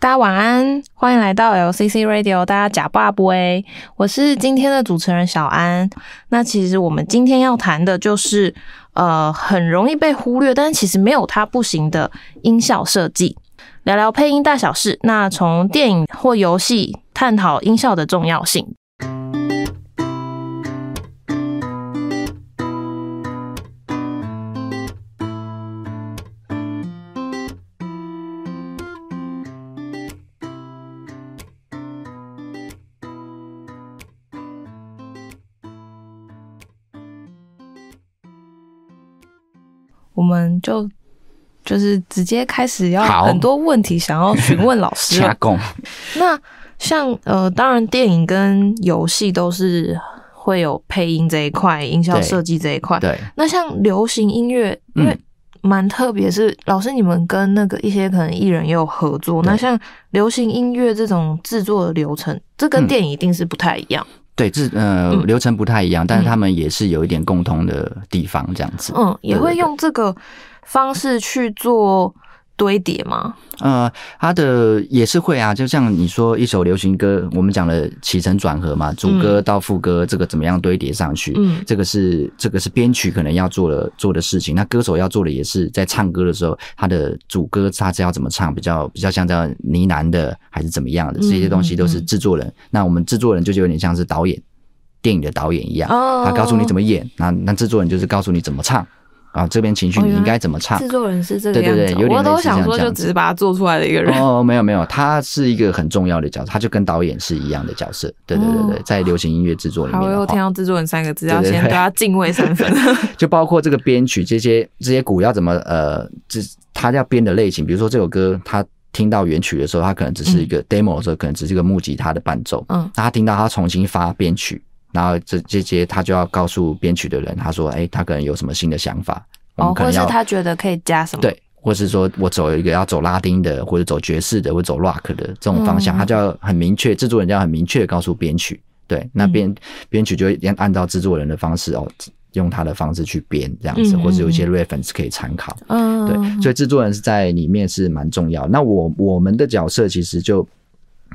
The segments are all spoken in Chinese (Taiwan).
大家晚安，歡迎來到 LCC Radio。大家假霸不哎，我是今天的主持人小安。那其實我們今天要談的就是，呃，很容易被忽略，但是其實沒有它不行的音效設計。聊聊配音大小事，那從電影或遊戲探討音效的重要性。就就是直接開始，要很多問題想要詢問老師。好 功那像呃，當然電影跟遊戲都是會有配音這一塊、音效設計這一塊。對。那像流行音樂，因為蠻特別，是、嗯、老師你們跟那個一些可能藝人也有合作。對那像流行音樂這種製作的流程，這跟電影一定是不太一樣。嗯、對，製呃、嗯、流程不太一樣，但是他們也是有一點共同的地方，這樣子。嗯，也會用這個。嗯方式去做堆疊嗎？呃，他的也是會啊，就像你說一首流行歌，我們講了起承轉合嘛，主歌到副歌這個怎麼樣堆疊上去？嗯，嗯，這個是這個是編曲可能要做的做的事情。那歌手要做的也是在唱歌的時候，他的主歌他是要怎麼唱，比較比較像這樣呢喃的，還是怎麼樣的？這些東西都是制作人。嗯嗯、那我們制作人就，就有點像是導演電影的導演一樣，哦、他告訴你怎麼演，那那制作人就是告訴你怎麼唱。啊、哦，這邊情緒你應該怎麼唱？哦、原來製作人是這個樣子，對對，對有點類似這樣子。我都想說，就只是把他做出來的一個人。哦，oh, 沒有沒有，他是一個很重要的角色，他就跟導演是一樣的角色。對對對對，在流行音樂制作裡面我、哦、又聽到制作人三個字，要先對他敬畏三分。對對對 就包括這個編曲，這些這些鼓要怎麼呃，這他要編的類型，比如說這首歌，他聽到原曲的時候，他可能只是一個 demo 的時候，嗯、可能只是一個木吉他的伴奏。嗯，他聽到他重新發編曲。然後這這些他就要告訴編曲的人，他說：“哎，他可能有什麼新的想法，哦、我們可能要。”或是他覺得可以加什麼？對，或是說我走一個要走拉丁的，或者走爵士的，或者走 rock 的這種方向，嗯、他就要很明確，製作人就要很明確的告訴編曲，對，那編、嗯、編曲就要按照製作人的方式哦，用他的方式去編這樣子，或是有一些 reference 可以參考，嗯嗯對，所以製作人是在裡面是蠻重要。嗯、那我我們的角色其實就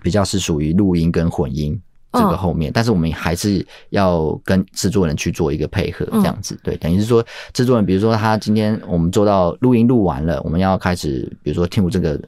比較是屬於錄音跟混音。這個後面，但是我們還是要跟製作人去做一個配合，這樣子、嗯、對，等於是說，製作人比如說他今天我們做到錄音錄完了，我們要開始比如說聽不這個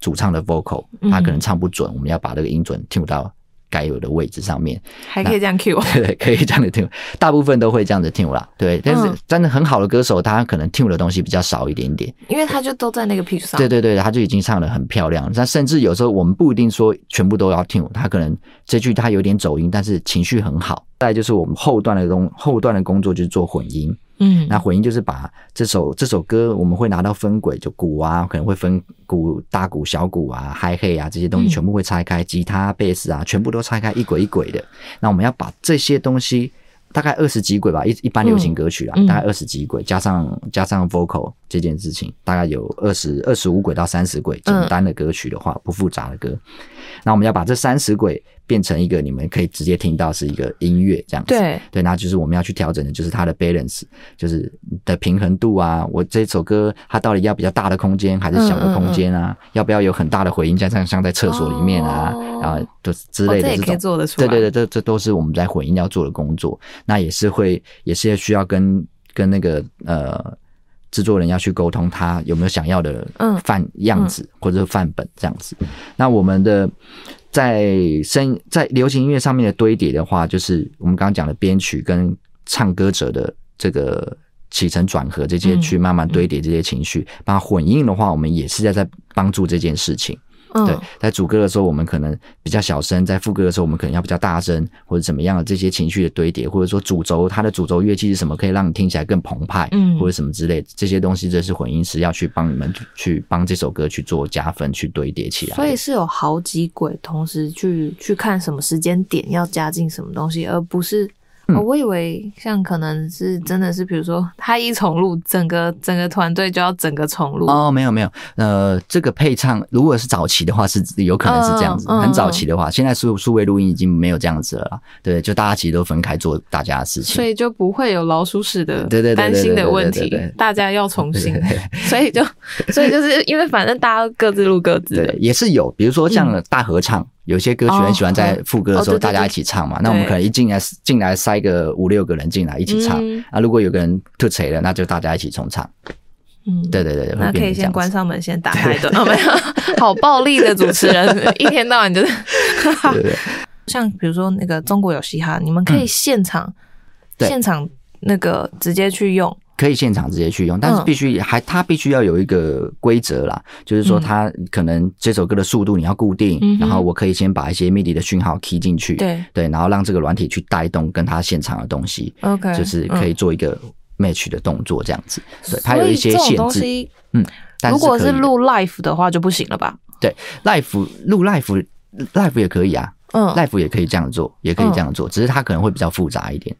主唱的 vocal，他可能唱不準，我們要把這個音準聽不到。該有的位置上面還可以這樣 cue，對，對對，可以這樣的 cue，大部分都會這樣子 cue 啦，對，嗯，但是真的很好的歌手，他可能 cue 的東西比較少一點點，因為他就都在那個 pitch 上。對對對，他就已經唱得很漂亮。那甚至有時候我們不一定說全部都要 cue，他可能這句他有點走音，但是情緒很好。再就是我們後段的工，後段的工作就是做混音。嗯，那混音就是把這首這首歌，我們會拿到分軌，就鼓啊，可能會分鼓、大鼓、小鼓啊、Hi-Hat 啊這些東西全部會拆開，嗯、吉他、貝斯啊，全部都拆開一軌一軌的。那我們要把這些東西，大概二十幾軌吧，一一般流行歌曲啊，嗯、大概二十幾軌，加上加上 Vocal 這件事情，大概有二十二十五軌到三十軌，簡單的歌曲的話，嗯、不複雜的歌。那我們要把這三十軌。變成一個你們可以直接聽到是一個音樂這樣子，對，對，那就是我們要去調整的，就是它的 balance，就是的平衡度啊。我這首歌它到底要比較大的空間還是小的空間啊？嗯嗯嗯，要不要有很大的回音？像上像在廁所裡面啊，然後、哦啊、就是之類的這種，哦、這對對對，這這都是我們在混音要做的工作。那也是會，也是需要跟跟那個呃製作人要去溝通，他有沒有想要的範樣子嗯嗯，或者範本這樣子。那我們的。在聲在流行音樂上面的堆疊的話，就是我們剛剛講的編曲跟唱歌者的這個起承轉合這些，去慢慢堆疊這些情緒、嗯。把它、嗯、混音的話，我們也是在在幫助這件事情。對，在主歌的時候，我們可能比較小聲；在副歌的時候，我們可能要比較大聲，或者怎麼樣的，這些情緒的堆疊，或者說主軸，它的主軸樂器是什麼，可以讓你聽起來更澎湃，嗯，或者什麼之類。這些東西，這是混音師要去幫你們去幫這首歌去做加分，去堆疊起來。所以是有好幾軌，同時去去看什麼時間點要加進什麼東西，而不是。哦，我以為像可能是真的是，比如說他一重錄，整個整個團隊就要整個重錄哦。沒有沒有，呃，這個配唱如果是早期的話是有可能是這樣子，很早期的話，現在數數位錄音已經沒有這樣子了啦。對，就大家其實都分開做大家的事情，所以就不會有老鼠屎的擔心的問題，大家要重新，所以就所以就是因為反正大家各自錄各自的，對，也是有，比如說像大合唱。有些歌曲很喜歡在副歌的時候大家一起唱嘛，哦、對對對，那我們可能一進來進來塞個五六個人進來一起唱、嗯、啊，如果有個人凸槌了，那就大家一起重唱。嗯，對對對對。那可以先關上門，先打開的、哦、沒有。好暴力的主持人， 一天到晚就是。對，對對。 像比如說那個中國有嘻哈，你們可以現場、嗯、現場那個直接去用。可以現場直接去用，但是必須還它必須要有一個規則啦，嗯、就是說它可能這首歌的速度你要固定，嗯、哼然後我可以先把一些 MIDI 的訊號 key 進去，對，對，然後讓這個軟體去帶動跟它現場的東西，OK，就是可以做一個 match 的動作這樣子，嗯對。它有一些限制，嗯，但如果是錄 live 的話就不行了吧？對 live 錄 live live 也可以啊，live 也可以這樣做，也可以這樣做，嗯、只是它可能會比較複雜一點。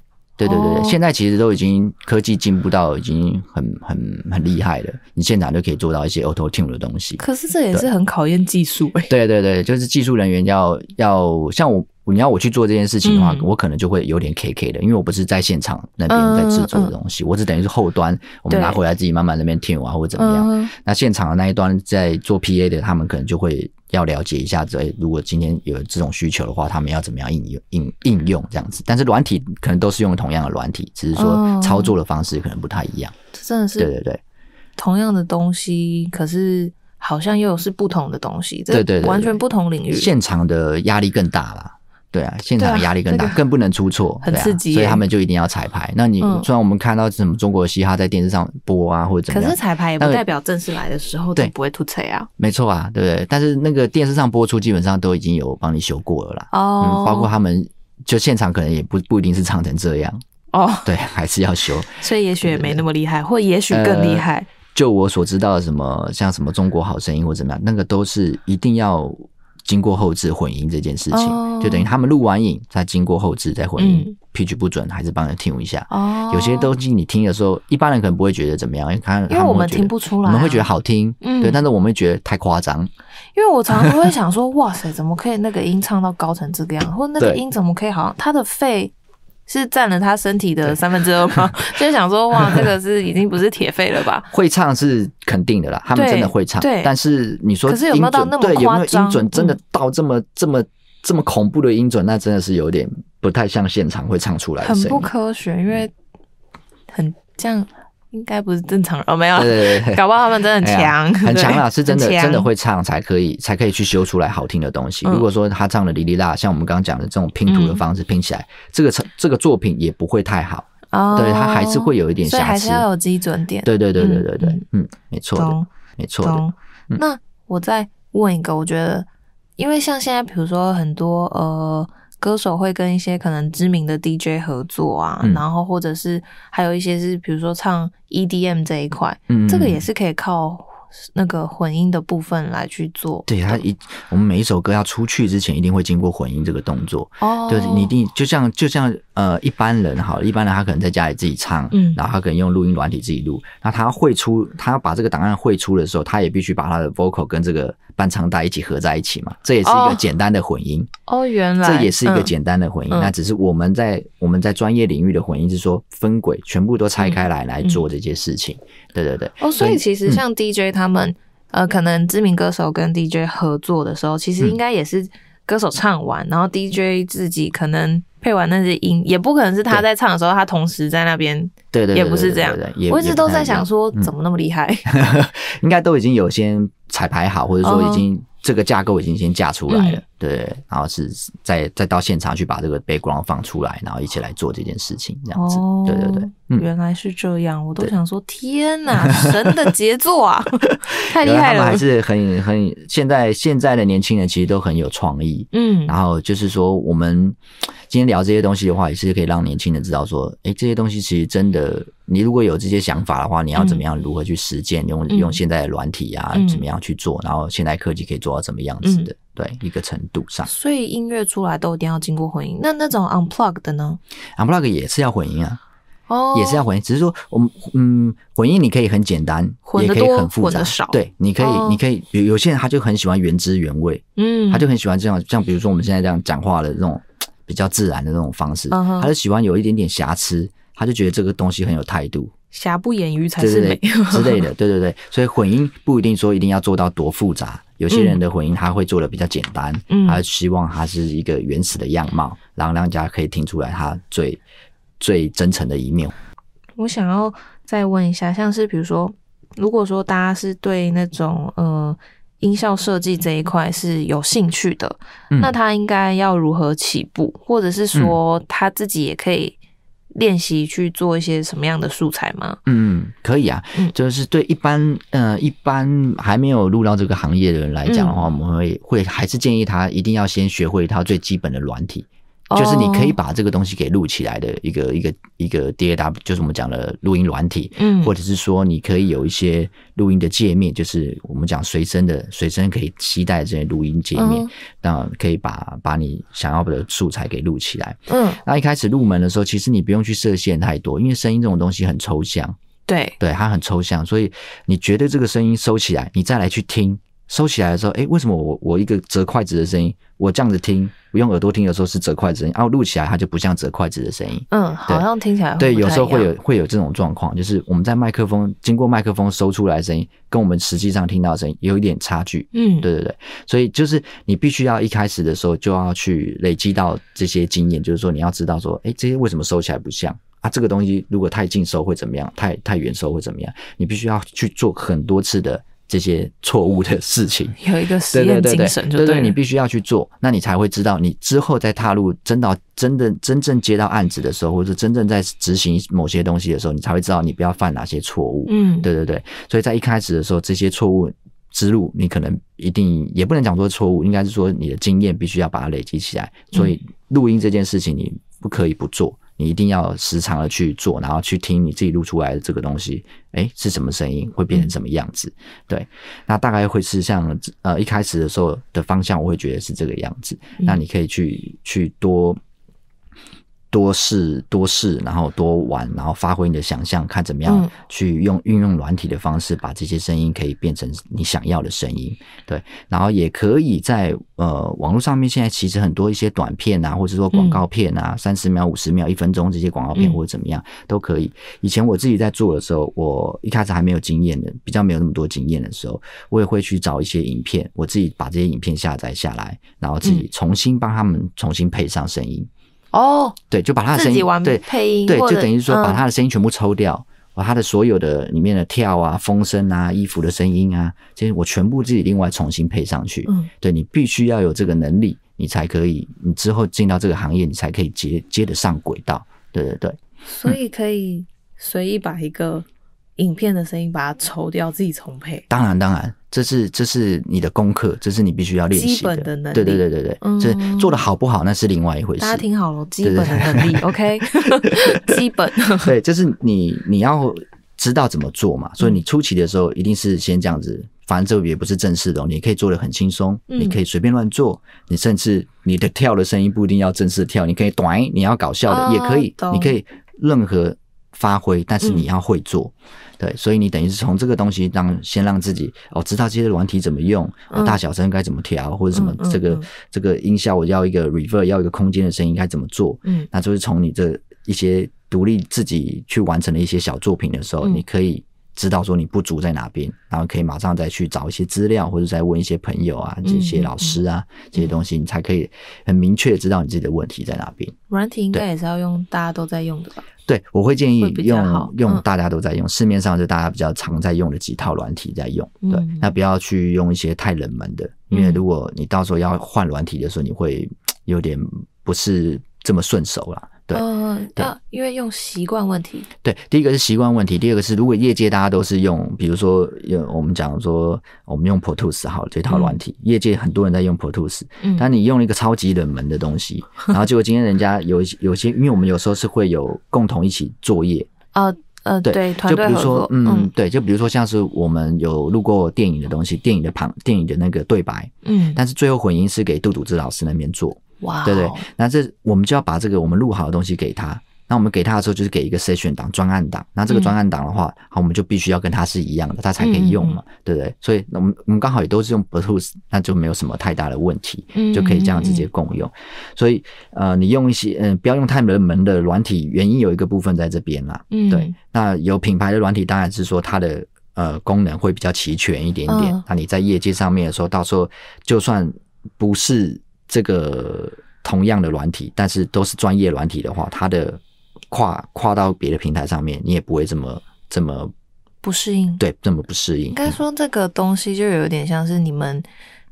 對對對，現在其實都已經科技進步到、哦、已經很很很厲害了，你現場就可以做到一些 auto tune 的東西。可是這也是很考驗技術對。對對對，就是技術人員要要像我，你要我去做這件事情的話，嗯、我可能就會有點 KK 的，因為我不是在現場那邊在制作的東西，嗯、我只等於是後端，我們拿回來自己慢慢那邊 tune、啊、對或者怎麼樣。嗯、那現場的那一端在做 PA 的，他們可能就會。要了解一下，這如果今天有這種需求的話，他們要怎麼樣應用、應應用這樣子？但是軟體可能都是用同樣的軟體，只、就是說操作的方式可能不太一樣。哦、這真的是對對對，同樣的東西，對對對，可是好像又是不同的東西。對對，完全不同領域。對對對，現場的壓力更大了。對啊，現場的壓力更大，啊、更不能出錯，很刺激、啊，所以他們就一定要彩排。那你雖然我們看到什麼中國的嘻哈在電視上播啊，或者怎麼樣，可是彩排也不代表正式來的時候是對不會吐槽啊。沒錯啊，對不對，對？但是那個電視上播出，基本上都已經有幫你修過了啦。哦、oh. 嗯，包括他們就現場可能也不不一定是唱成這樣哦。Oh. 對，還是要修， 所以也許也沒那麼厲害，對對對，或也許更厲害、呃。就我所知道的，什麼像什麼中國好聲音或怎麼樣，那個都是一定要。經過後製混音這件事情，oh, 就等於他們錄完影，再經過後製再混音、嗯、，pitch 不準還是幫人聽一下。Oh, 有些東西你聽的時候，一般人可能不會覺得怎麼樣，因為他因為我們聽不出來、啊，我們會覺得好聽，嗯、對，但是我們會覺得太誇張。因為我常常都會想說， 哇塞，怎麼可以那個音唱到高成這個樣，或者那個音怎麼可以好像？像他的肺。是占了他身體的三分之二嗎？就 想說，哇，這個是已經不是鐵肺了吧？會唱是肯定的啦，他們真的會唱。對，對但是你說音準，可是有沒有到那麼誇張？對，有沒有音準？真的到這麼、這麼、嗯、這麼恐怖的音準，那真的是有點不太像現場會唱出來的。很不科學，因為很這樣。嗯應該不是正常人，沒有，對對，搞不好他們真的很強，很強了，是真的，真的會唱才可以，才可以去修出來好聽的東西。如果說他唱的《李李拉》，像我們剛剛講的這種拼圖的方式拼起來，這個成這個作品也不會太好，對，他還是會有一點瑕疵，所以還是要有基準點。對對對對對對，嗯，沒錯的，沒錯的。那我再問一個，我覺得，因為像現在，比如說很多呃。歌手會跟一些可能知名的 DJ 合作啊，嗯、然後或者是還有一些是，比如說唱 EDM 這一塊，嗯、這個也是可以靠那個混音的部分來去做。對，懂。他一，我們每一首歌要出去之前，一定會經過混音這個動作。哦，就是你一定就像就像。就像呃，一般人哈，一般人他可能在家裡自己唱，然後他可能用錄音軟體自己錄。嗯、那他匯出，他要把這個檔案匯出的時候，他也必須把他的 vocal 跟這個伴唱帶一起合在一起嘛？這也是一個簡單的混音哦，哦，原來、嗯、這也是一個簡單的混音。嗯嗯、那只是我們在我們在專業領域的混音是說分軌，全部都拆開來、嗯嗯、來做這些事情。對對對。哦，所以其實像 DJ 他們，嗯、呃，可能知名歌手跟 DJ 合作的時候，其實應該也是歌手唱完，嗯、然後 DJ 自己可能。配完那些音，也不可能是他在唱的時候，他同時在那邊。對，也不是這樣。對對對對對，我一直都在想，說怎麼那麼厲害？嗯、 應該都已經有先彩排好，或者說已經這個架構已經先架出來了。嗯對，然後是再再到現場去把這個 background 放出來，然後一起來做這件事情，這樣子。哦、對對對，嗯、原來是這樣，我都想說，對天哪， 神的傑作啊，太厲害了！還是很很現在現在的年輕人其實都很有創意，嗯。然後就是說，我們今天聊這些東西的話，也是可以讓年輕人知道說，哎，這些東西其實真的，你如果有這些想法的話，你要怎麼樣如何去實踐？嗯、用用現在的軟體啊，嗯、怎麼樣去做？然後現代科技可以做到怎麼樣子的？嗯對一個程度上，所以音樂出來都一定要經過混音。那那種 unplugged 的呢？unplugged 也是要混音啊，哦，oh. 也是要混音。只是說我們，嗯嗯，混音你可以很簡單，也可以很複雜。對，你可以，oh. 你可以。有有些人他就很喜歡原汁原味，嗯，oh. 他就很喜歡這樣，像比如說我們現在這樣講話的這種比較自然的那種方式，uh huh. 他就喜歡有一點點瑕疵，他就覺得這個東西很有態度，瑕不掩瑜才是美之類的。對，對對對，所以混音不一定說一定要做到多複雜。有些人的混音他會做的比較簡單，嗯、他希望他是一個原始的樣貌，然後、嗯、讓大家可以聽出來他最最真誠的一面。我想要再問一下，像是比如說，如果說大家是對那種呃音效設計這一塊是有興趣的，嗯、那他應該要如何起步，或者是說他自己也可以嗯練習去做一些什麼樣的素材嗎？嗯，可以啊，就是對一般，呃，一般還沒有入到這個行業的人來講的話，嗯、我們會會還是建議他一定要先學會一套最基本的軟體。就是你可以把這個東西給錄起來的一個一個一個 DAW，就是我們講的錄音軟體，或者是說你可以有一些錄音的界面，就是我們講隨身的隨身可以攜帶的這些錄音界面，那可以把把你想要的素材給錄起來。嗯，那一開始入門的時候，其實你不用去設限太多，因為聲音這種東西很抽象。對對，它很抽象，所以你覺得這個聲音收起來，你再來去聽。收起來的時候，哎，為什麼我我一個折筷子的聲音，我這樣子聽，我用耳朵聽的時候是折筷子的聲音，然後錄起來它就不像折筷子的聲音。嗯，好像聽起來不像。對，有時候會有會有這種狀況，就是我們在麥克風經過麥克風收出來的聲音，跟我們實際上聽到的聲音有一點差距。嗯，對對對，所以就是你必須要一開始的時候就要去累積到這些經驗，就是說你要知道說，哎，這些為什麼收起來不像啊？這個東西如果太近收會怎麼樣？太太遠收會怎麼樣？你必須要去做很多次的。這些錯誤的事情，有一個實驗精神，對對對，對，你必須要去做，那你才會知道，你之後再踏入真到真的真正接到案子的時候，或者真正在執行某些東西的時候，你才會知道你不要犯哪些錯誤。嗯，對對對，對，所以在一開始的時候，這些錯誤之路，你可能一定也不能講說錯誤，應該是說你的經驗必須要把它累積起來。所以錄音這件事情，你不可以不做。你一定要時常的去做，然後去聽你自己錄出來的這個東西，哎、欸，是什麼聲音，會變成什麼樣子？嗯、對，那大概會是像呃一開始的時候的方向，我會覺得是這個樣子。嗯、那你可以去去多。多試多試，然後多玩，然後發揮你的想象，看怎麼樣去用運用軟體的方式，把這些聲音可以變成你想要的聲音。對，然後也可以在呃網絡上面，現在其實很多一些短片啊，或者說廣告片啊，嗯、三十秒、五十秒、一分鐘這些廣告片，或者怎麼樣、嗯、都可以。以前我自己在做的時候，我一開始還沒有經驗的，比較沒有那麼多經驗的時候，我也會去找一些影片，我自己把這些影片下載下來，然後自己重新幫他們重新配上聲音。嗯哦，oh, 對，就把他的聲音，對，配音，對，對，就等於說把他的聲音全部抽掉，嗯、把他的所有的裡面的跳啊、風聲啊、衣服的聲音啊，這些我全部自己另外重新配上去。嗯，對，你必須要有這個能力，你才可以，你之後進到這個行業，你才可以接接得上軌道。對對對，所以可以隨意把一個影片的聲音把它抽掉，自己重配。當然、嗯、當然。當然。這是這是你的功課，這是你必須要練習的基本的能力。對對對對對，這、嗯、做的好不好那是另外一回事。大家聽好了，基本的能力，OK，基本。對，對，對， 對，就是你你要知道怎麼做嘛。所以你初期的時候一定是先這樣子，反正這也不是正式的，你可以做的很輕鬆，嗯、你可以隨便亂做，你甚至你的跳的聲音不一定要正式跳，你可以短，你要搞笑的，哦、也可以，懂你可以任何發揮，但是你要會做。嗯對，所以你等於是從這個東西讓先讓自己哦知道這些軟體怎麼用，哦、大小聲該怎麼調，嗯、或者什麼這個、嗯嗯、這個音效，我要一個 reverb，要一個空間的聲音該怎麼做？嗯，那就是從你這一些獨立自己去完成的一些小作品的時候，嗯、你可以。知道說你不足在哪邊，然後可以馬上再去找一些資料，或者是再問一些朋友啊、這些老師啊、嗯嗯、這些東西，你才可以很明確知道你自己的問題在哪邊。軟體應該對也是要用大家都在用的吧？對，我會建議用、嗯、用大家都在用，市面上就大家比較常在用的幾套軟體在用。對，嗯、那不要去用一些太冷門的，因為如果你到時候要換軟體的時候，你會有點不是這麼順手啦。對嗯，對，因為用習慣問題。對，第一個是習慣問題，第二個是如果業界大家都是用，比如說有，我們講說我們用 Pro Tools 好、嗯、這套軟體，業界很多人在用 Pro Tools、嗯、但你用了一個超級冷門的東西，嗯、然後結果今天人家有有些，因為我們有時候是會有共同一起作業，呃呵對呃，對，就比如說嗯，嗯，對，就比如說像是我們有錄過電影的東西，電影的旁電影的那個對白，嗯，但是最後混音是給杜篤之老師那邊做。哇，wow, 對對，那這我們就要把這個我們錄好的東西給他。那我們給他的時候，就是給一個 session 檔、專案檔。那這個專案檔的話，嗯、好，我們就必須要跟他是一樣的，他才可以用嘛，嗯嗯、對不對？所以我們我們剛好也都是用 Bluetooth，那就沒有什麼太大的問題，嗯、就可以這樣直接共用。嗯、所以呃，你用一些嗯、呃，不要用太沒門的軟體，原因有一個部分在這邊啦。嗯，對。那有品牌的軟體，當然是說它的呃功能會比較齊全一點點。哦、那你在業界上面的時候，到時候就算不是。這個同樣的軟體，但是都是專業軟體的話，它的跨跨到別的平台上面，你也不會這麼這麼不適應。對，這麼不適應。應該說這個東西就有點像是你們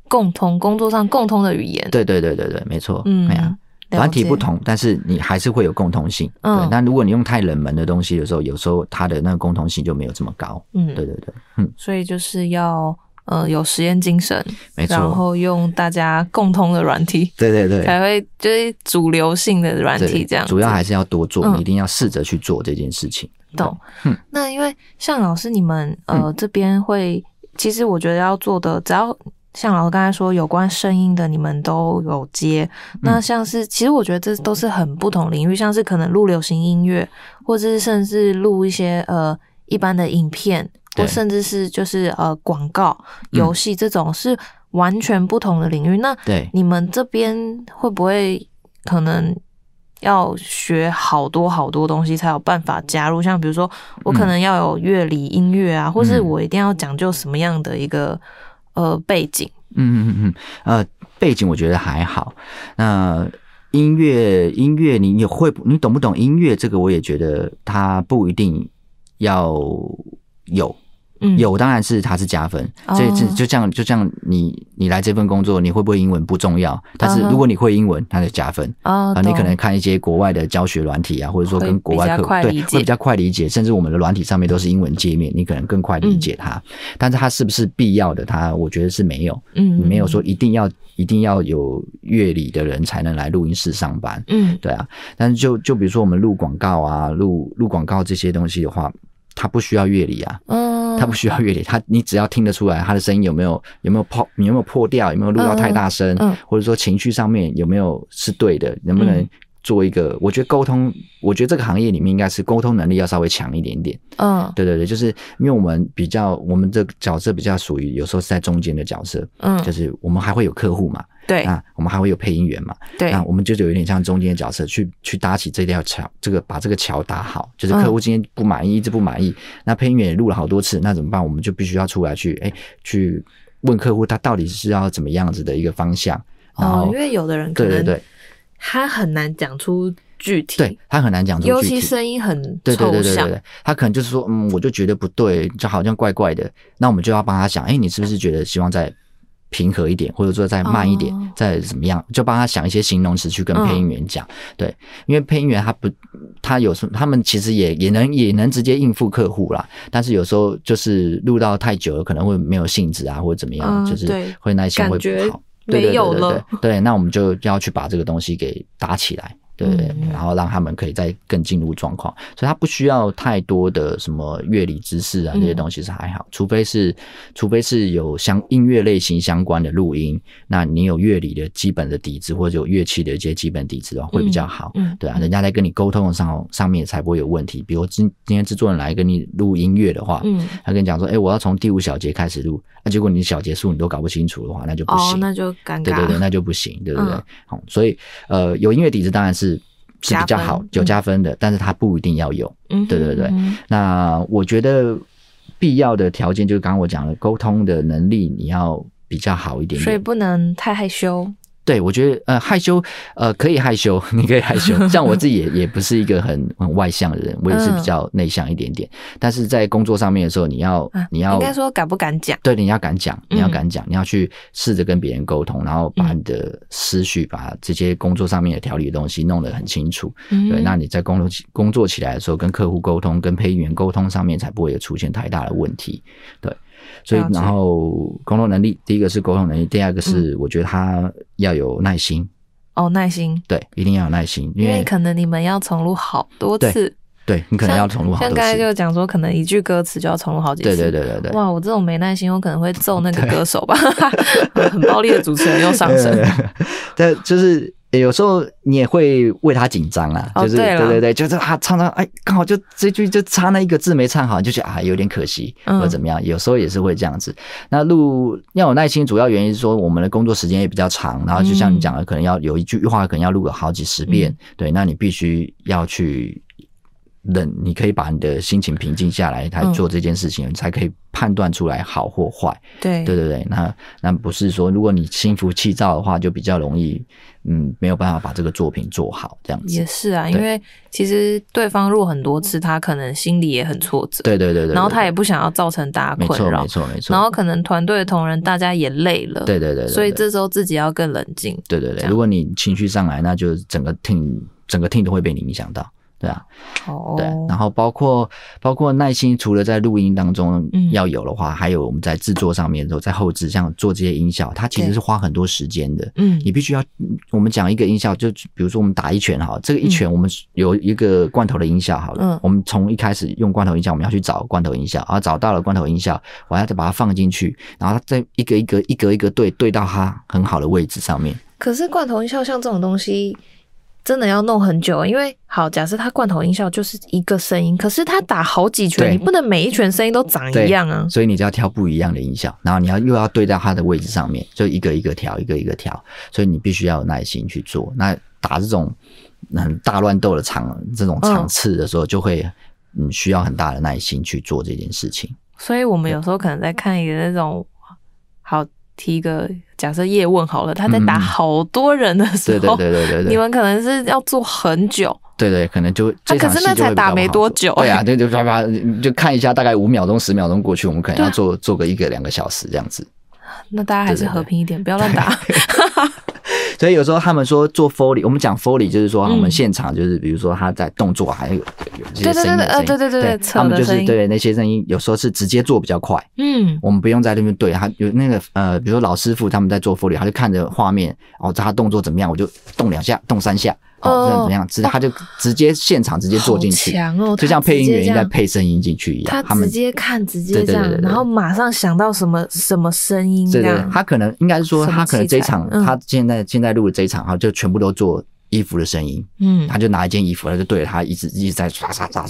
共同、嗯、工作上共通的語言。對對對對對，沒錯。嗯，哎呀、嗯，軟體不同，但是你還是會有共通性。嗯對。但如果你用太冷門的東西的時候，有時候它的那個共通性就沒有這麼高。嗯，對對對，嗯。所以就是要。呃，有實驗精神，沒錯。然後用大家共通的軟體，對對對，才會就是主流性的軟體這樣。主要還是要多做，嗯、你一定要試着去做這件事情，嗯、對懂？嗯、那因為像老師你們，呃，這邊會，其實我覺得要做的，只要像老師剛才說，有關聲音的，你們都有接。嗯、那像是，其實我覺得這都是很不同領域，像是可能錄流行音樂，或者是甚至錄一些呃一般的影片。或甚至是就是呃廣告遊戲這種是完全不同的領域。嗯、那對你們這邊會不會可能要學好多好多東西才有辦法加入？像比如說我可能要有樂理音樂啊，嗯、或是我一定要講究什麼樣的一個、嗯、呃背景？嗯嗯嗯嗯呃背景我覺得還好。那音樂音樂你你會你懂不懂音樂？這個我也覺得它不一定要。有，嗯、有當然是它是加分，嗯、就這樣，就這就像就像你你來這份工作，你會不會英文不重要，但是如果你會英文，嗯、它是加分啊。你可能看一些國外的教學軟體啊，或者說跟國外客戶對會比較快理解，甚至我們的軟體上面都是英文界面，你可能更快理解它。嗯、但是它是不是必要的？它我覺得是沒有，嗯哼，你沒有說一定要一定要有樂理的人才能來錄音室上班，嗯，對啊。但是就就比如說我們錄廣告啊，錄錄廣告這些東西的話，他不需要樂理啊，uh, 他不需要樂理，他你只要聽得出來他的聲音有沒有有沒有破，有沒有破掉，有沒有錄到太大聲，uh, uh, 或者說情緒上面有沒有是對的，能不能做一個？Uh, 我覺得溝通，我覺得這個行業裡面應該是溝通能力要稍微強一點點，嗯，uh, 對對對，就是因為我們比較，我們這個角色比較屬於有時候是在中間的角色，嗯，uh, uh, 就是我們還會有客戶嘛。對啊，那我們還會有配音員嘛？對啊，那我們就有有點像中間的角色，去去搭起這條橋，這個把這個橋搭好。就是客戶今天不滿意，嗯、一直不滿意，那配音員也錄了好多次，那怎麼辦？我們就必須要出來去，哎，去問客戶他到底是要怎麼樣子的一個方向。哦，然後，因為有的人可能對，對，對，對，他很難講出具體，對，他很難講出具體，尤其聲音很抽象對對對對對，他可能就是說，嗯，我就覺得不對，就好像怪怪的。那我們就要幫他想，哎，你是不是覺得希望在？平和一點，或者說再慢一點，嗯、再怎麼樣，就幫他想一些形容詞去跟配音員講。嗯、對，因為配音員他不，他有時他，他們其實也也能也能直接應付客戶啦，但是有時候就是錄到太久了，可能會沒有興致啊，或者怎麼樣，嗯、就是會耐心會不好。感覺沒有了，對對對對對，沒有了，對，那我們就要去把這個東西給搭起來。對，嗯、然後讓他們可以再更進入狀況，所以他不需要太多的什麼樂理知識啊，嗯、這些東西是還好。除非是，除非是有相音樂類型相關的錄音，那你有樂理的基本的底子或者有樂器的一些基本底子的話，會比較好。嗯嗯、對啊，人家在跟你溝通上上面才不會有問題。比如今今天製作人來跟你錄音樂的話，嗯、他跟你講說，哎、欸，我要從第五小節開始錄，那、啊、結果你小節數你都搞不清楚的話，那就不行，哦、那就尷尬。對對對，那就不行，對不對，對？好、嗯嗯，所以呃，有音樂底子當然是。是比較好，加嗯、有加分的，但是他不一定要有。嗯、對對對，嗯、那我覺得必要的條件就是剛剛我講的，溝通的能力你要比較好一點點，所以不能太害羞。對，我覺得呃害羞，呃可以害羞，你可以害羞。 像我自己也也不是一個很很外向的人，我也是比較內向一點點。呃、但是在工作上面的時候，你要、啊、你要應該說敢不敢講？對，你要敢講，嗯、你要敢講，你要去試着跟別人溝通，然後把你的思緒，嗯、把這些工作上面的條理的東西弄得很清楚。嗯、對，那你在工作工作起來的時候，跟客戶溝通、跟配音員溝通上面，才不會有出現太大的問題。對。所以，然後溝通能力，第一個是溝通能力，第二個是我覺得他要有耐心。哦、嗯，耐心。對，一定要有耐心，因為，因為可能你們要重錄好多次。對。對，你可能要重錄好多次。像剛才就講說，可能一句歌詞就要重錄好幾次。對對對對，對，對，哇，我這種沒耐心，我可能會揍那個歌手吧，對 很暴力的主持人又上身。 對，對，對，對，但就是。欸、有時候你也會為他緊張啊，oh, 就是對對對，對了就是他唱唱，哎，剛好就這句就差那一個字沒唱好，就覺得啊有點可惜，嗯、或者怎麼樣，有時候也是會這樣子。那錄要有耐心，主要原因是說我們的工作時間也比較長，然後就像你講的，可能要有一句話，可能要錄個好幾十遍，嗯、對，那你必須要去。冷，你可以把你的心情平靜下來，他做這件事情，才可以判斷出來好或壞。對，對對對。那那不是說，如果你心浮氣躁的話，就比較容易，嗯，沒有辦法把這個作品做好這樣子。也是啊，因為其實對方錄很多次，他可能心裡也很挫折。對對對對。然後他也不想要造成大家困擾，沒錯沒錯。然後可能團隊同仁大家也累了。對對對。所以這時候自己要更冷靜。對對對。如果你情緒上來，那就整個 team 整個 team 都會被你影響到。對啊，對、啊，啊、然後包括包括耐心，除了在錄音當中要有的話，還有我們在製作上面，都在後製，像做這些音效，它其實是花很多時間的。嗯，你必須要，我們講一個音效，就比如說我們打一拳哈，這個一拳我們有一個罐頭的音效，哈，嗯，我們從一開始用罐頭音效，我們要去找罐頭音效，然後找到了罐頭音效，我要再把它放進去，然後再一個一個，一個一個對，對到它很好的位置上面。可是罐頭音效像這種東西。真的要弄很久，欸，因為好，假設它罐頭音效就是一個聲音，可是它打好幾拳，對你不能每一拳聲音都長一樣啊。所以你就要挑不一樣的音效，然後你要又要對到它的位置上面，就一個一個調，一個一個調。所以你必須要有耐心去做。那打這種很大亂鬥的場，這種場次的時候，嗯、就會嗯需要很大的耐心去做這件事情。所以我們有時候可能在看一個那種、嗯、好。提一個假設，葉問好了，他在打好多人的時候，嗯、對對對對對，你們可能是要做很久，對對，可能就他、啊啊、可是那才打沒多久、欸，對呀、啊，對對啪啪，就看一下，大概五秒鐘、十秒鐘過去，我們可能要做、啊、做個一個兩個小時這樣子，那大家還是和平一點，對對對，不要亂打。 所以有時候他們說做 Foley 我們講 Foley 就是說，我們現場就是，比如說他在動作還有、嗯、有些聲音，音，的聲音，對對對，他們就是對那些聲音，有時候是直接做比較快，嗯，我們不用在那邊懟他。有那個呃，比如說老師傅他們在做 Foley 他就看着畫面，然、哦、後他動作怎麼樣，我就動兩下，動三下。哦，這樣怎麼樣，他、哦、他就直接現場直接做進去，哦、就像配音員在配聲音進去一樣。他直接看，直接這樣對對對對對，然後馬上想到什麼什麼聲音這。這對，對？他可能應該是說，他可能這一場，嗯、他現在現在錄的這一場哈，就全部都做。衣服的聲音，嗯，他就拿一件衣服，他就對着他，一直一直在刷刷刷，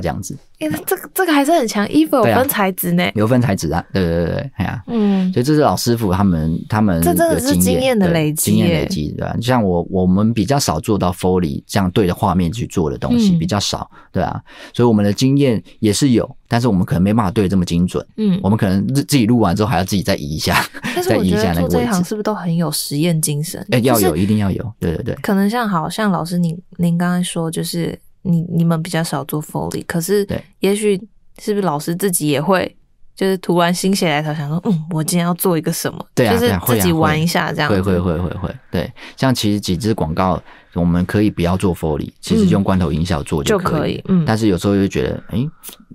這樣子。因為、欸、這個這個還是很強，衣服有分材質呢，啊、有分材質啊，對對對對，哎呀、啊，嗯，所以這是老師傅他們他們這真的是經驗的累積，經驗累積對吧、啊？像我我們比較少做到 Foley 這樣對着畫面去做的東西、嗯、比較少，對啊。所以我們的經驗也是有，但是我們可能沒辦法對這麼精準，嗯，我們可能自自己錄完之後還要自己再移一下，但是再移一下那個位置。這一行是不是都很有實驗精神？哎，要有，一定要有，對對對，可能像好像老師你，你您剛才說就是你你們比較少做 Foley，可是也許是不是老師自己也會，就是塗完心血來潮想說，啊、嗯，我今天要做一個什麼，就是自己玩一下這樣、啊啊。會、啊、會會會會，會，會，對，像其實幾支廣告，我們可以不要做 Foley，、嗯、其實用罐頭音效做就可，就可以。嗯。但是有時候又覺得，哎、欸，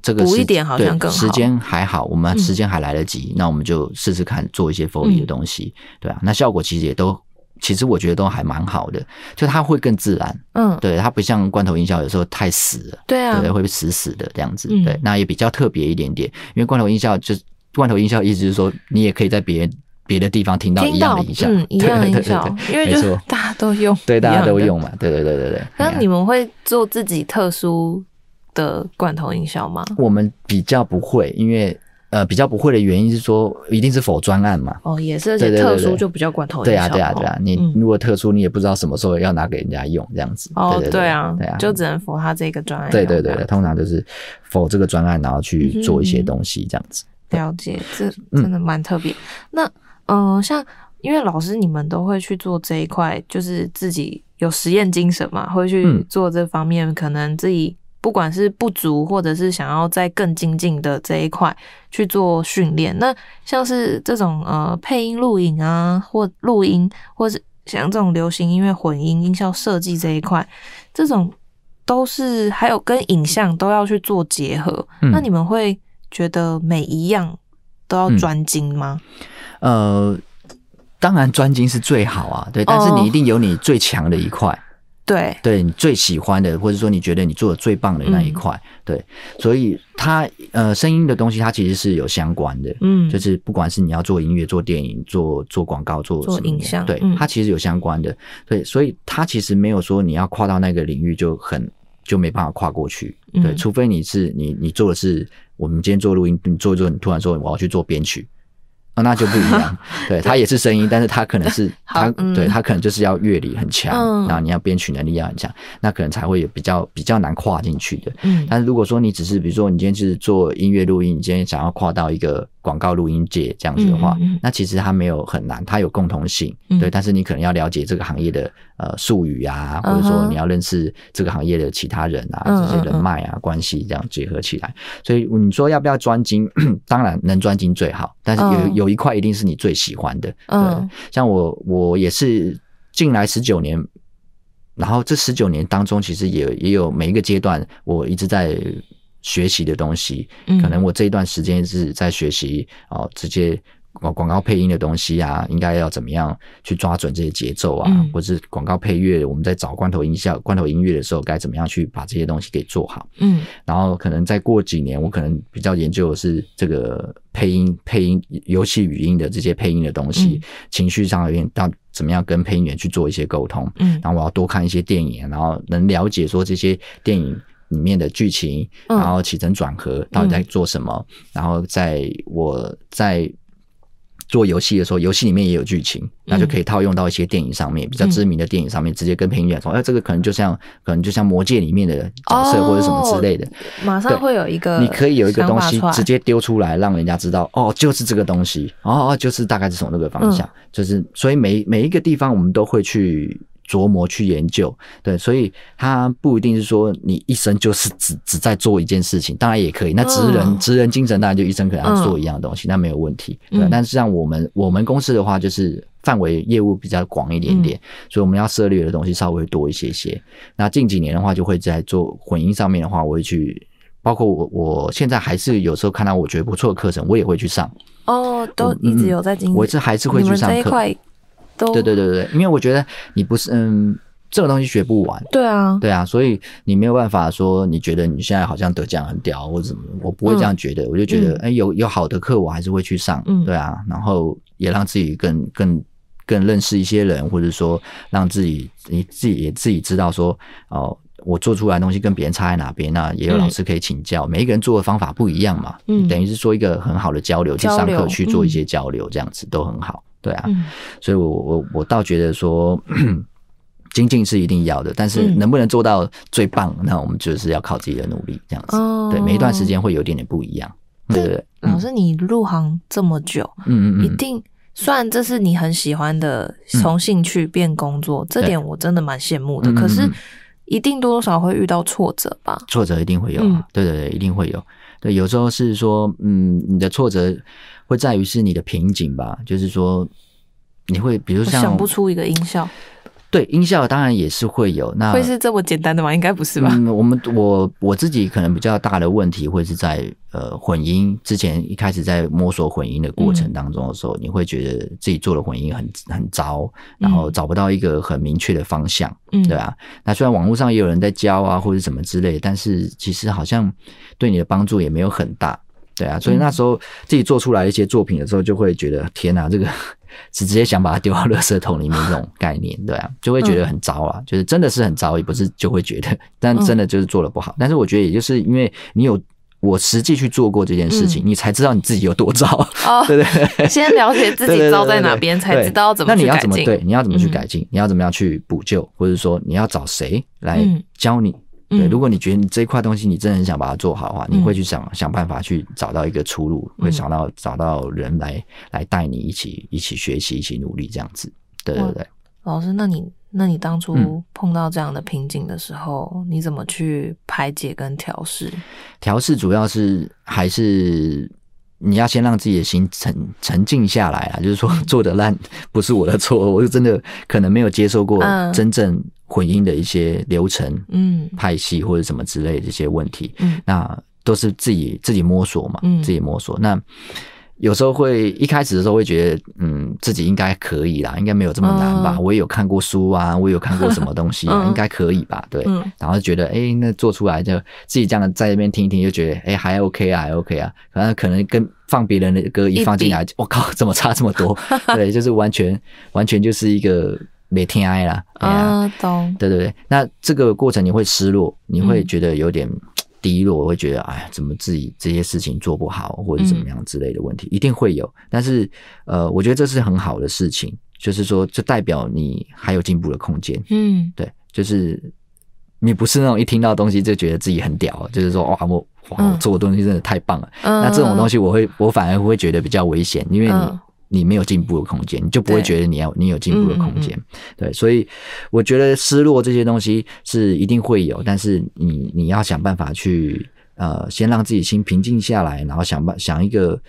這個補一點好像更好、啊。時間還好，我們時間還來得及，嗯、那我們就試試看做一些 Foley 的東西。嗯、對啊，那效果其實也都。其實我覺得都還蠻好的，就它會更自然，嗯，對，它不像罐頭音效有時候太死了，對啊，對，會死死的這樣子，嗯、對，那也比較特別一點點，因為罐頭音效就是罐頭音效，意思就是說你也可以在別別的地方聽到一樣的音效，嗯、一樣的音效，對對對對，因為就沒錯，大家都用，對，大家都用嘛，對對對對對。那你們會做自己特殊的罐頭音效嗎？嗯、我們比較不會，因為。呃，比較不會的原因是說，一定是 for 專案嘛？哦，也是，而且特殊就比較管頭。對,對,對,對,對啊，對啊，對啊。嗯、你如果特殊，你也不知道什麼時候要拿給人家用，這樣子。哦，對,對,對,對啊，對啊，就只能 for 他這個專案。對對對，通常就是 for 這個專案，然後去做一些東西，這樣子嗯嗯。了解，這真的蠻特別。嗯、那，嗯、呃，像因為老師你們都會去做這一塊，就是自己有實驗精神嘛，會去做這方面，嗯、可能自己。不管是不足，或者是想要在更精進的這一塊去做訓練，那像是這種呃配音錄影啊，或錄音，或者像這種流行音樂混音、音效設計這一塊，這種都是還有跟影像都要去做結合。那你們會覺得每一樣都要專精嗎？嗯，嗯，呃，當然專精是最好啊，對，但是你一定有你最強的一塊。對對，你最喜歡的，或者說你覺得你做的最棒的那一塊，嗯、對，所以它呃，聲音的東西它其實是有相關的，嗯，就是不管是你要做音樂、做電影、做做廣告、做什麼做影像對，它其實有相關的，嗯、對，所以它其實沒有說你要跨到那個領域就很就沒辦法跨過去，嗯、對，除非你是你你做的是我們今天做錄音，你做一做你突然說我要去做編曲，哦，那就不一樣， 對，它也是聲音， 但是它可能是。他對他可能就是要樂理很強，然後你要編曲能力要很強，那可能才會有比較比較難跨進去的。但是如果說你只是比如說你今天就是做音樂錄音，你今天想要跨到一個廣告錄音界這樣子的話，那其實它沒有很難，它有共同性。對，但是你可能要了解這個行業的呃術語啊，或者說你要認識這個行業的其他人啊，這些人脈啊關係這樣結合起來。所以你說要不要專精？當然能專精最好，但是有有一塊一定是你最喜歡的，呃，像我我。我也是近來十九年，然後這十九年當中，其實也也有每一個階段，我一直在學習的東西。嗯，可能我這一段時間是在學習，哦，直接。廣廣告配音的東西啊，應該要怎麼樣去抓準這些節奏啊，嗯、或是廣告配樂，我們在找罐頭音效、罐頭音樂的時候，該怎麼樣去把這些東西給做好？嗯，然後可能再過幾年，我可能比較研究的是這個配音、配音，遊戲語音的這些配音的東西，嗯、情緒上有點要怎麼樣跟配音員去做一些溝通。嗯，然後我要多看一些電影，然後能了解說這些電影裡面的劇情，嗯、然後起承轉合到底在做什麼，嗯、然後在我在。做遊戲的時候，遊戲裡面也有劇情，那就可以套用到一些電影上面，嗯、比較知名的電影上面，直接跟配音員說：“嗯、哎，這個可能就像，可能就像《魔戒》裡面的角色或者什麼之類的。”哦，馬上會有一個，你可以有一個東西直接丟出來，讓人家知道，哦，就是這個東西，哦，就是大概是從那個方向，嗯、就是所以每每一個地方我們都會去。琢磨去研究，對，所以他不一定是說你一生就是只只在做一件事情，當然也可以。那職人，哦、職人精神當然就一生可能要做一樣的東西，嗯、那沒有問題。對嗯、但是像我們我們公司的話，就是範圍業務比較廣一點點，嗯、所以我們要涉獵的東西稍微多一些些。那近幾年的話，就會在做混音上面的話，我會去，包括我我現在還是有時候看到我覺得不錯的課程，我也會去上。哦，都一直有在經營，我這還是會去上課。對對對對，因為我覺得你不是嗯，這個東西學不完，對啊，對啊，所以你沒有辦法說你覺得你現在好像得獎很屌或者怎麼，我不會這樣覺得，嗯、我就覺得哎、嗯欸、有有好的課我還是會去上，嗯、對啊，然後也讓自己更更更認識一些人，或者說讓自己你自己也自己知道說哦、呃、我做出來的東西跟別人差在哪邊那，也有老師可以請教，嗯、每一個人做的方法不一樣嘛，嗯，等於是說一個很好的交流，交流去上課去做一些交流，這樣子、嗯、都很好。對啊，所以，我我我倒覺得說，精進是一定要的，但是能不能做到最棒，那我們就是要靠自己的努力這樣子。對，每一段時間會有點點不一樣，對不對？老師，你入行這麼久，嗯嗯嗯，一定雖然這是你很喜歡的，從興趣變工作，這點我真的蠻羨慕的。可是，一定多多少會遇到挫折吧？挫折一定會有，對對對，一定會有。對，有時候是說，嗯，你的挫折，會在於是你的瓶頸吧，就是說你會，比如說想不出一個音效，對，音效當然也是會有，那會是這麼簡單的嗎？應該不是吧。嗯、我們我我自己可能比較大的問題會是在呃混音之前，一開始在摸索混音的過程當中的時候，嗯、你會覺得自己做的混音很很糟，然後找不到一個很明確的方向，嗯、對吧、啊？那雖然網絡上也有人在教啊，或者什麼之類，但是其實好像對你的幫助也沒有很大。對啊，所以那時候自己做出來一些作品的時候，就會覺得、嗯、天哪、啊，這個直直接想把它丟到垃圾桶裡面，這種概念，對啊，就會覺得很糟啊，嗯、就是真的是很糟，也不是就會覺得，但真的就是做的不好。嗯、但是我覺得，也就是因為你有我實際去做過這件事情，嗯、你才知道你自己有多糟，哦、對，對對。先了解自己糟在哪邊，才知道怎麼。那你要怎麼對？你要怎麼去改進？嗯、你要怎麼樣去補救？或者說你要找誰來教你？嗯對，如果你覺得你這一塊東西你真的很想把它做好的話，你會去想想辦法去找到一個出路，嗯、會找到找到人來來帶你一起一起學習，一起努力這樣子，對對對。老師，那你那你當初碰到這樣的瓶頸的時候，嗯、你怎麼去排解跟調適？調適主要是還是你要先讓自己的心沉沉靜下來啊。就是說做的爛不是我的錯，我是真的可能沒有接受過真正、嗯。混音的一些流程、嗯派系或者什麼之類的一些問題，嗯，那都是自己自己摸索嘛，嗯、自己摸索。那有時候會一開始的時候會覺得，嗯，自己應該可以啦，應該沒有這麼難吧？嗯、我也有看過書啊，我也有看過什麼東西、啊嗯、應該可以吧？對，嗯、然後覺得，哎、欸，那做出來就自己這樣在那邊聽一聽，就覺得，哎、欸，還 OK 啊，還 OK 啊。反正可能跟放別人的歌一放進來，我比靠，怎麼差這麼多？ 對，就是完全完全就是一個。別太愛了啦對啊，懂，對對對，那這個過程你會失落，你會覺得有點低落，會覺得哎呀，怎麼自己這些事情做不好，或者怎麼樣之類的問題，一定會有。但是，呃，我覺得這是很好的事情，就是說，這代表你還有進步的空間。嗯，對，就是你不是那種一聽到東西就覺得自己很屌，就是說哇，我哇，我做的東西真的太棒了。那這種東西，我會我反而會覺得比較危險，因為你。你沒有進步的空間，你就不會覺得你要你有進步的空間。對，嗯嗯對，所以我覺得失落這些東西是一定會有，但是你你要想辦法去呃，先讓自己心平靜下來，然後想辦想一個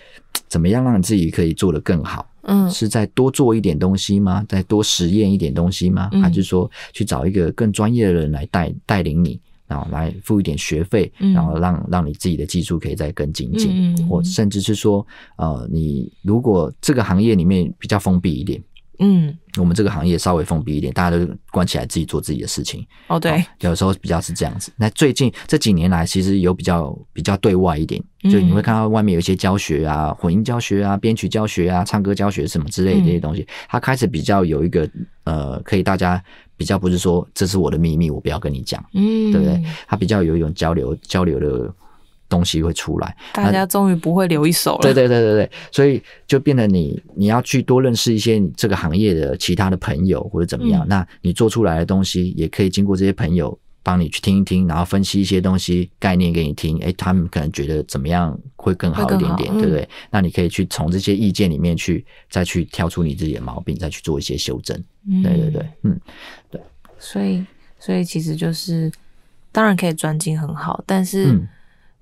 怎麼樣讓你自己可以做得更好。嗯，是再多做一點東西嗎？再多實驗一點東西嗎？還是說去找一個更專業的人來帶帶領你？啊，來付一點學費，然後讓讓你自己的技術可以再更精進。嗯、或甚至是說，呃，你如果這個行業裡面比較封閉一點，嗯，我們這個行業稍微封閉一點，大家都關起來自己做自己的事情。哦，對，有時候比較是這樣子。那最近這幾年來，其實有比較比較對外一點，就你會看到外面有一些教學啊，混音教學啊，編曲教學啊，唱歌教學什麼之類的這些東西，嗯、它開始比較有一個呃，可以大家。比較不是說，這是我的秘密，我不要跟你講，嗯，對不對？他比較有一種交流交流的東西會出來，大家終於不會留一手了。對，對對對對對，所以就變得你你要去多認識一些這個行業的其他的朋友或者怎麼樣，嗯，那你做出來的東西也可以經過這些朋友。幫你去聽一聽，然後分析一些東西概念給你聽，誒他們可能覺得怎麼樣會更好一點點，對不對？嗯、那你可以去從這些意見裡面去，再去挑出你自己的毛病，再去做一些修正，嗯、對對對，嗯，對。所以，所以其實就是，當然可以專精很好，但是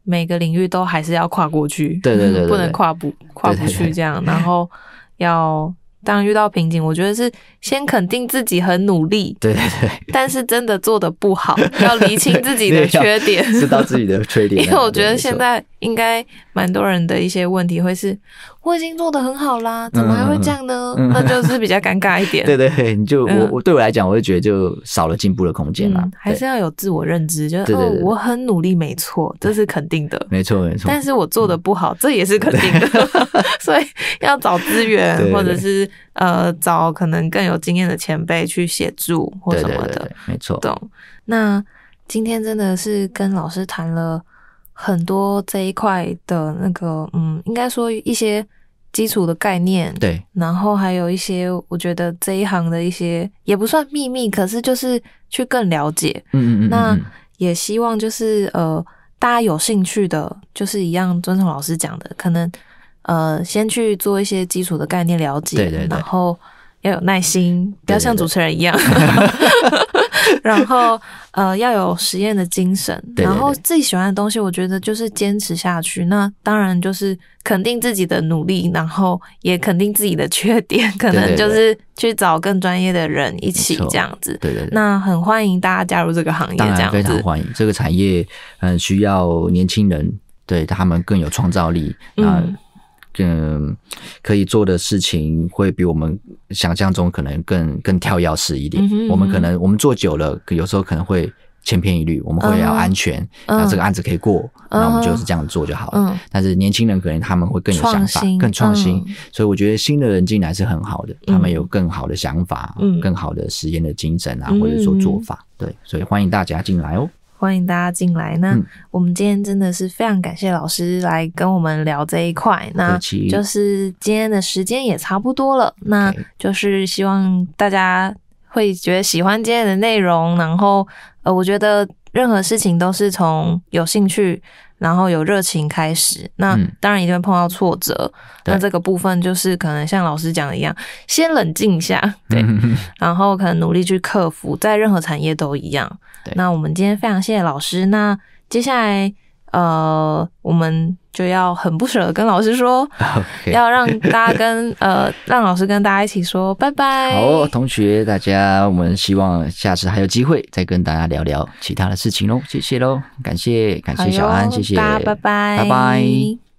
每個領域都還是要跨過去，嗯、對，對，對對對，嗯、不能跨不跨不去這樣，對對對對然後要。當遇到瓶頸，我覺得是先肯定自己很努力，對對對，但是真的做的不好， 要釐清自己的缺點， 知道自己的缺點，因為我覺得現在。應該蠻多人的一些問題會是，我已經做的很好啦，怎麼還會這樣呢？嗯嗯、那就是比較尷尬一點。對，對對，你就、嗯、我我對我來講，我就覺得就少了進步的空間了。嗯、對還是要有自我認知，就是哦、嗯，我很努力，沒錯，這是肯定的。沒錯沒錯。但是我做的不好，這也是肯定的。對 所以要找資源，對對對對或者是呃，找可能更有經驗的前輩去協助或什麼的。對對對對沒錯，懂。那今天真的是跟老師談了。很多這一塊的那個，嗯，應該說一些基礎的概念，對，然後還有一些，我覺得這一行的一些也不算秘密，可是就是去更了解，嗯嗯，嗯，嗯，那也希望就是呃，大家有興趣的，就是一樣尊重老師講的，可能呃，先去做一些基礎的概念了解，對，對對，然後。要有耐心，不要像主持人一樣。然後，呃，要有實驗的精神。對對對，然後自己喜歡的東西，我覺得就是堅持下去。那當然就是肯定自己的努力，然後也肯定自己的缺點，可能就是去找更專業的人一起這樣子。對對，對那很歡迎大家加入這個行業這樣子，當然非常歡迎。這個產業很需要年輕人，對，他們更有創造力。嗯。嗯，可以做的事情會比我們想象中可能更更跳躍式一點。Mm hmm, mm hmm. 我們可能我們做久了，有時候可能會千篇一律。我們會要安全，那，uh huh. 這個案子可以過，那，uh huh. 我們就是這樣做就好了。Uh huh. 但是年輕人可能他們會更有想法，uh huh. 更創新。Uh huh. 所以我覺得新的人進來是很好的，uh huh. 他們有更好的想法，uh huh. 更好的實驗的精神啊，uh huh. 或者說做法。對，所以歡迎大家進來哦。歡迎大家進來。那我們今天真的是非常感謝老師來跟我們聊這一塊。嗯、那就是今天的時間也差不多了。其那就是希望大家會覺得喜歡今天的內容。然後，呃，我覺得任何事情都是從有興趣，然後有熱情開始，那當然一定會碰到挫折。嗯、那這個部分就是可能像老師講的一樣，先冷靜一下，對，嗯、呵呵，然後可能努力去克服，在任何產業都一樣。對那我們今天非常謝謝老師。那接下來，呃，我們。就要很不捨得跟老師說，Okay. 要讓大家跟 呃，讓老師跟大家一起說拜拜。好，哦，同學大家，我們希望下次還有機會再跟大家聊聊其他的事情嘍，哦，謝謝嘍，感謝感謝小安，哎，喲謝謝，拜拜拜拜，拜拜拜拜。